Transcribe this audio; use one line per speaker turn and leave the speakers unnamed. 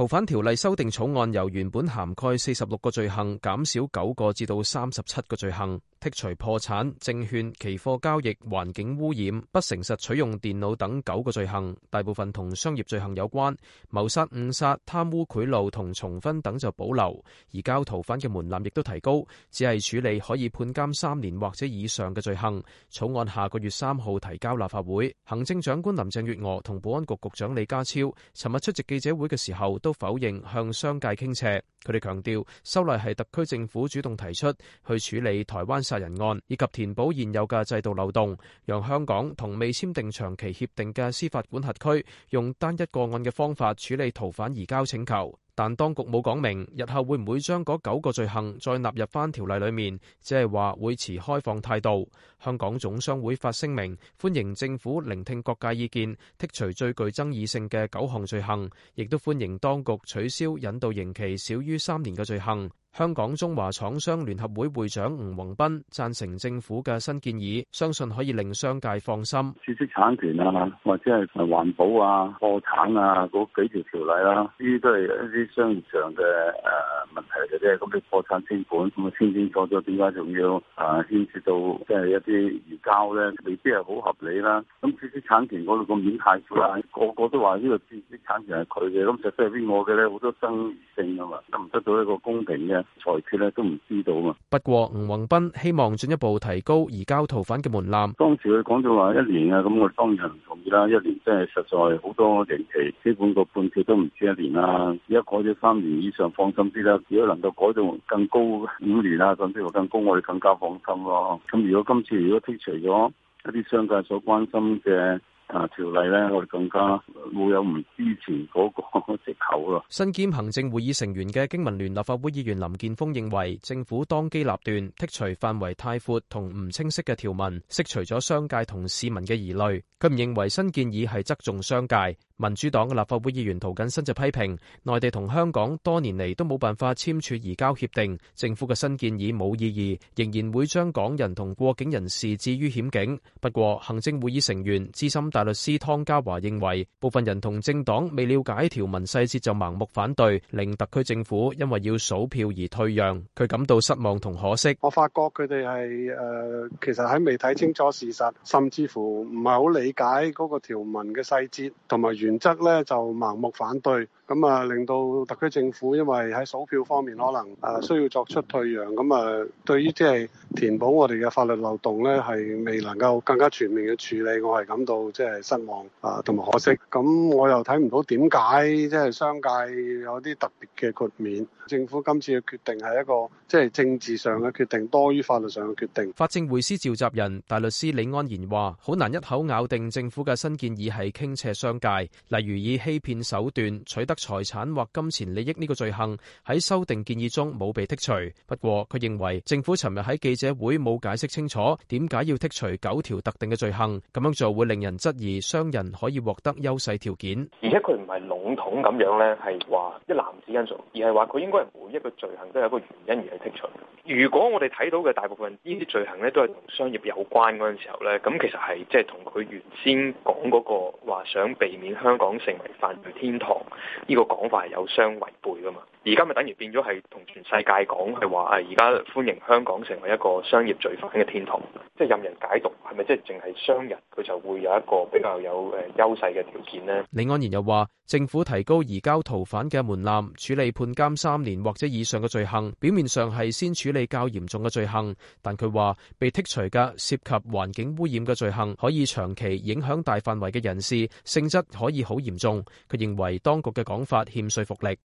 逃犯條例修訂草案由原本涵蓋四十六個罪行減少九個至到三十七個罪行，剔除破產、證券、期貨交易、環境污染、不誠實取用電腦等九個罪行，大部分同商業罪行有關。謀殺、誤殺、貪污、賄賂同重婚等就保留。移交逃犯嘅門檻亦都提高，只係處理可以判監三年或者以上嘅罪行。草案下個月三號提交立法會。行政長官林鄭月娥同保安局局長李家超尋日出席記者會嘅時候都都否認向商界傾斜，佢哋強調修例係特區政府主動提出去處理台灣殺人案，以及填補現有嘅制度漏洞，讓香港同未簽訂長期協定嘅司法管轄區用單一個案嘅方法處理逃犯移交請求。但當局冇講明，日後會唔會將嗰九個罪行再納入翻條例裏面，只係話會持開放態度。香港總商會發聲明，歡迎政府聆聽各界意見，剔除最具爭議性嘅九項罪行，亦都歡迎當局取消引渡刑期少於三年嘅罪行。香港中華廠商聯合會會長吳宏斌贊成政府嘅新建議，相信可以令商界放心。知識產權啊
或者係環保啊、破產啊嗰幾條條例啦，呢啲都係一啲商業上嘅誒問題嚟嘅啫。咁你破產清盤，咁清清楚楚，點解仲要啊牽涉到即係一啲移交咧？未必係好合理啦。咁知識產權嗰度咁面太複雜，個個都話呢個知識產權係佢嘅，咁實際係邊我嘅咧？好多爭議性啊嘛，得唔得到一個公平嘅。裁決咧都唔知道嘛。
不過吳宏斌希望進一步提高移交逃犯嘅門檻。
當時佢講咗話一年啊，咁我當然唔同意啦。一年真係實在好多刑期，基本個判決，都唔止一年啦。而家改咗三年以上，放心啲啦。如果能夠改到更高五年啊，咁甚至乎更高，我哋更加放心咯。咁如果今次如果剔除咗一啲商界所關心嘅。啊！條例呢，我哋更加冇有唔支持嗰個藉口咯。
身兼行政會議成員嘅經民聯立法會議員林建峰認為，政府當機立斷剔除範圍太闊同唔清晰嘅條文，釋除咗商界同市民嘅疑慮。佢唔認為新建議係側重商界。民主黨嘅立法會議員涂謹申就批評，內地同香港多年嚟都冇辦法簽署移交協定，政府嘅新建議冇意義，仍然會將港人同過境人士置於險境。不過，行政會議成員、資深大律師湯家驊認為，部分人同政黨未了解條文細節就盲目反對，令特區政府因為要數票而退讓，佢感到失望同可惜。
我發覺佢哋係誒，其實喺未睇清楚事實，甚至乎唔係好理解嗰個條文嘅細節同埋原。原則咧就盲目反對，咁啊令到特區政府因為喺數票方面可能啊需要作出退讓，咁啊對於即係填補我哋嘅法律漏洞咧，係未能夠更加全面嘅處理，我係感到即係失望啊，同埋可惜。咁我又睇唔到點解即係商界有啲特別嘅豁免，政府今次嘅決定係一個即係政治上嘅決定多於法律上嘅決定。法
政匯思召集人大律師李安然話，好難一口咬定政府嘅新建議係傾斜商界。例如以欺騙手段取得財產或金錢利益呢個罪行喺修訂建議中冇被剔除，不過佢認為政府尋日喺記者會冇解釋清楚點解要剔除九條特定嘅罪行，咁樣做會令人質疑商人可以獲得優勢條件。
而且佢唔係籠統咁樣咧，係話一攬子因素，而係話佢應該係每一個罪行都有一個原因而係剔除。如果我哋睇
到嘅大部分呢啲罪行咧，都係同商業有關嗰陣時候咧，咁其實係即係同佢原先講嗰個話想避免香港成為犯罪天堂，呢、這個講法係有相違背㗎嘛？
而家咪等於變咗係同全世界講係話，係而家歡迎香港成為一個商業罪犯嘅天堂，即係任人解讀，係咪即係淨係商人佢就會有一個
比較有誒優勢嘅條件咧？李安然又話，政府提高移交逃犯嘅門檻，處理判監三年或者以上嘅罪行，表面上係先處理較嚴重嘅罪行，但佢話被剔除嘅涉及環境污染嘅罪行，可以長期影響大範圍嘅人士，性質可以好嚴重。佢認為當局嘅講法欠說服力。